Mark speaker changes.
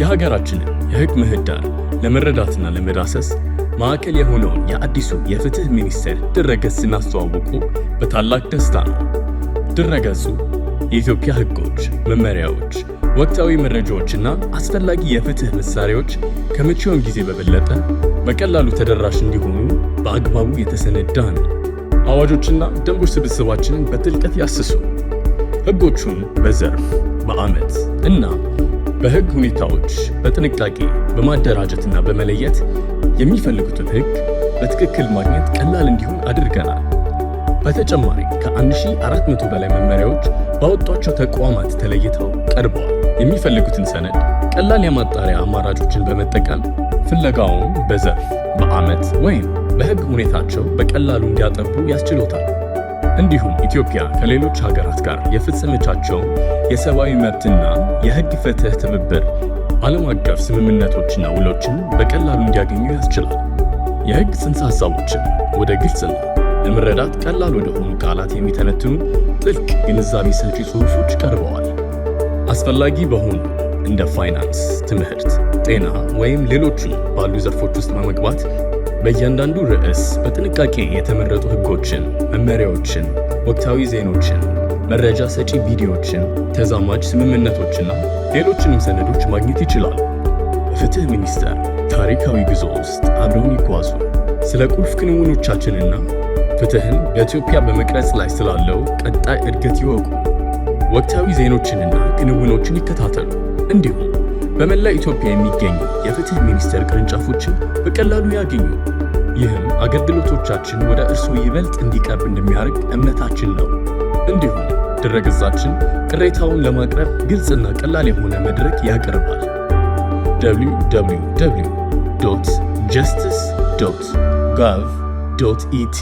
Speaker 1: የሀገራችንን የህግ ምህዳር ለመረዳትና ለመዳሰስ ማዕከል የሆነውን የአዲሱ የፍትህ ሚኒስቴር ድረገጽ ስናስተዋውቁ በታላቅ ደስታ ነው። ድረገጹ የኢትዮጵያ ህጎች፣ መመሪያዎች፣ ወቅታዊ መረጃዎችና አስፈላጊ የፍትህ መሳሪያዎች ከመቼውም ጊዜ በበለጠ በቀላሉ ተደራሽ እንዲሆኑ በአግባቡ የተሰነዳ ነው። አዋጆችና ደንቦች ስብስባችንን በጥልቀት ያስሱ። ህጎቹን በዘርፍ በዓመት እና በህግ ሁኔታዎች በጥንቃቄ በማደራጀትና በመለየት የሚፈልጉትን ህግ በትክክል ማግኘት ቀላል እንዲሆን አድርገናል። በተጨማሪ ከ1400 በላይ መመሪያዎች ባወጧቸው ተቋማት ተለይተው ቀርበዋል። የሚፈልጉትን ሰነድ፣ ቀላል የማጣሪያ አማራጮችን በመጠቀም ፍለጋውን በዘርፍ በዓመት ወይም በህግ ሁኔታቸው በቀላሉ እንዲያጠቡ ያስችሎታል። እንዲሁም ኢትዮጵያ ከሌሎች ሀገራት ጋር የፈጸመቻቸው የሰብአዊ መብትና የህግ ፍትህ ትብብር ዓለም አቀፍ ስምምነቶችና ውሎችን በቀላሉ እንዲያገኙ ያስችላል። የህግ ጽንሰ ሐሳቦችን ወደ ግልጽና ለመረዳት ቀላል ወደሆኑ ቃላት የሚተነትኑ ጥልቅ ግንዛቤ ሰጪ ጽሑፎች ቀርበዋል። አስፈላጊ በሆኑ እንደ ፋይናንስ፣ ትምህርት፣ ጤና ወይም ሌሎችን ባሉ ዘርፎች ውስጥ በመግባት በእያንዳንዱ ርዕስ በጥንቃቄ የተመረጡ ህጎችን መመሪያዎችን፣ ወቅታዊ ዜኖችን መረጃ ሰጪ ቪዲዮዎችን፣ ተዛማጅ ስምምነቶችና ሌሎችንም ሰነዶች ማግኘት ይችላሉ። ፍትህ ሚኒስቴር ታሪካዊ ጉዞ ውስጥ አብረውን ይጓዙ። ስለ ቁልፍ ክንውኖቻችንና ፍትህን በኢትዮጵያ በመቅረጽ ላይ ስላለው ቀጣይ እድገት ይወቁ። ወቅታዊ ዜኖችንና ክንውኖችን ይከታተሉ። እንዲሁም በመላ ኢትዮጵያ የሚገኙ የፍትህ ሚኒስቴር ቅርንጫፎችን በቀላሉ ያገኙ። ይህም አገልግሎቶቻችን ወደ እርሱ ይበልጥ እንዲቀርብ እንደሚያደርግ እምነታችን ነው። እንዲሁም ድረገጻችን ቅሬታውን ለማቅረብ ግልጽና ቀላል የሆነ መድረክ ያቀርባል። www.justice.gov.et ኢቲ